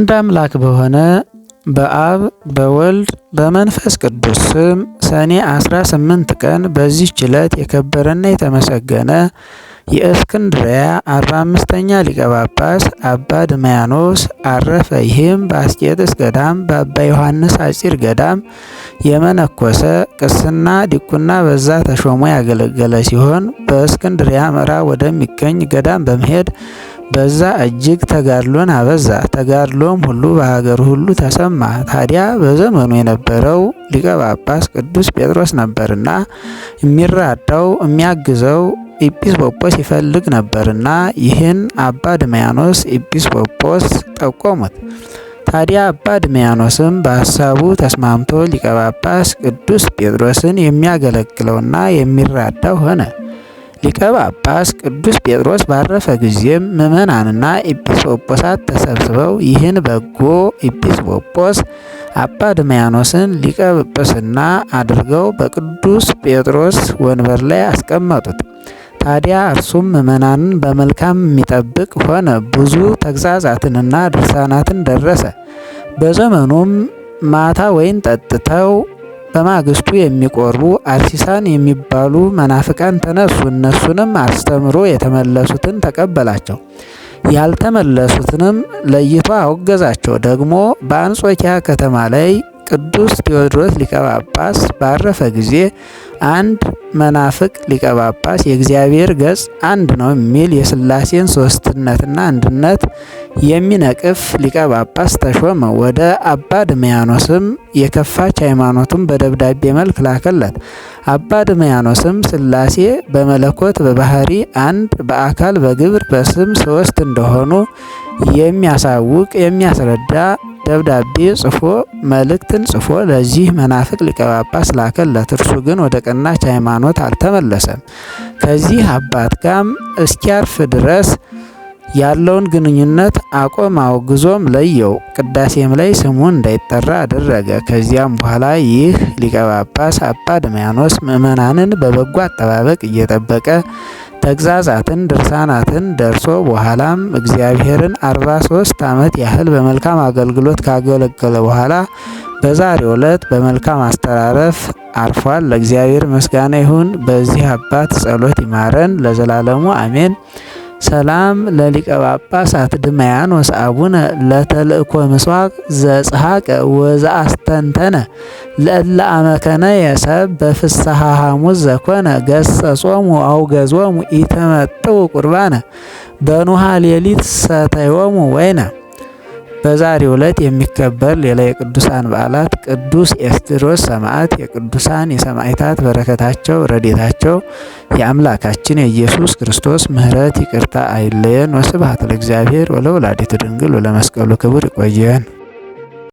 አንድ አምላክ በሆነ በአብ በወልድ በመንፈስ ቅዱስ ስም ሰኔ 18 ቀን በዚህ ችለት የከበረና የተመሰገነ የእስክንድሪያ 45ኛ ሊቀ ጳጳስ አባ ድማያኖስ አረፈ። ይህም በአስቄጥስ ገዳም በአባ ዮሐንስ አጺር ገዳም የመነኮሰ ቅስና ዲቁና በዛ ተሾሞ ያገለገለ ሲሆን በእስክንድርያ ምዕራብ ወደሚገኝ ገዳም በመሄድ በዛ እጅግ ተጋድሎን አበዛ። ተጋድሎም ሁሉ በሀገር ሁሉ ተሰማ። ታዲያ በዘመኑ የነበረው ሊቀ ጳጳስ ቅዱስ ጴጥሮስ ነበርና የሚራዳው የሚያግዘው ኢጲስቆጶስ ይፈልግ ነበርና ይህን አባ ድሜያኖስ ኢጲስቆጶስ ጠቆሙት። ታዲያ አባ ድሚያኖስም በሀሳቡ ተስማምቶ ሊቀ ጳጳስ ቅዱስ ጴጥሮስን የሚያገለግለውና የሚራዳው ሆነ። ሊቀ ጳጳስ ቅዱስ ጴጥሮስ ባረፈ ጊዜም ምዕመናንና ኤጲስቆጶሳት ተሰብስበው ይህን በጎ ኤጲስቆጶስ አባ ድማያኖስን ሊቀ ጵጵስና አድርገው በቅዱስ ጴጥሮስ ወንበር ላይ አስቀመጡት። ታዲያ እርሱም ምዕመናንን በመልካም የሚጠብቅ ሆነ። ብዙ ተግዛዛትንና ድርሳናትን ደረሰ። በዘመኑም ማታ ወይን ጠጥተው በማግስቱ የሚቆርቡ አርሲሳን የሚባሉ መናፍቃን ተነሱ። እነሱንም አስተምሮ የተመለሱትን ተቀበላቸው፣ ያልተመለሱትንም ለይቶ አወገዛቸው። ደግሞ በአንጾኪያ ከተማ ላይ ቅዱስ ቴዎድሮስ ሊቀ ጳጳስ ባረፈ ጊዜ አንድ መናፍቅ ሊቀ ጳጳስ የእግዚአብሔር ገጽ አንድ ነው የሚል የስላሴን ሶስትነትና አንድነት የሚነቅፍ ሊቀ ጳጳስ ተሾመ። ወደ አባ ድምያኖስም የከፋች ሃይማኖቱን በደብዳቤ መልክ ላከለት። አባ ድምያኖስም ስላሴ በመለኮት በባህሪ አንድ፣ በአካል በግብር በስም ሶስት እንደሆኑ የሚያሳውቅ የሚያስረዳ ደብዳቤ ጽፎ መልእክትን ጽፎ ለዚህ መናፍቅ ሊቀ ጳጳስ ላከለት። እርሱ ግን ወደ ቀናች ሃይማኖት አልተመለሰም። ከዚህ አባት ጋም እስኪያርፍ ድረስ ያለውን ግንኙነት አቆም፣ አውግዞም ለየው። ቅዳሴም ላይ ስሙን እንዳይጠራ አደረገ። ከዚያም በኋላ ይህ ሊቀ ጳጳስ አባ ድማያኖስ ምእመናንን በበጎ አጠባበቅ እየጠበቀ ተግዛዛትን ድርሳናትን ደርሶ በኋላም እግዚአብሔርን 43 ዓመት ያህል በመልካም አገልግሎት ካገለገለ በኋላ በዛሬው ዕለት በመልካም አስተራረፍ አርፏል። ለእግዚአብሔር ምስጋና ይሁን። በዚህ አባት ጸሎት ይማረን ለዘላለሙ አሜን። ሰላም ለሊቀ ጳጳሳት ድማያን ወሰአቡነ ለተልእኮ ምስዋቅ ዘጽሐቀ ወዘአስተንተነ ለእለ አመከነ የሰብ በፍስሐ ሐሙስ ዘኮነ ገሰጾሙ አውገዞሙ ኢተመጥው ቁርባነ በኑሃ ሌሊት ሰተዮሙ ወይና በዛሬው ዕለት የሚከበር ሌላ የቅዱሳን በዓላት ቅዱስ ኤስድሮስ ሰማዕት፣ የቅዱሳን የሰማዕታት በረከታቸው ረዴታቸው የአምላካችን የኢየሱስ ክርስቶስ ምሕረት ይቅርታ አይለየን። ወስብሐት ለእግዚአብሔር ወለወላዲቱ ድንግል ወለመስቀሉ ክቡር። ይቆየን።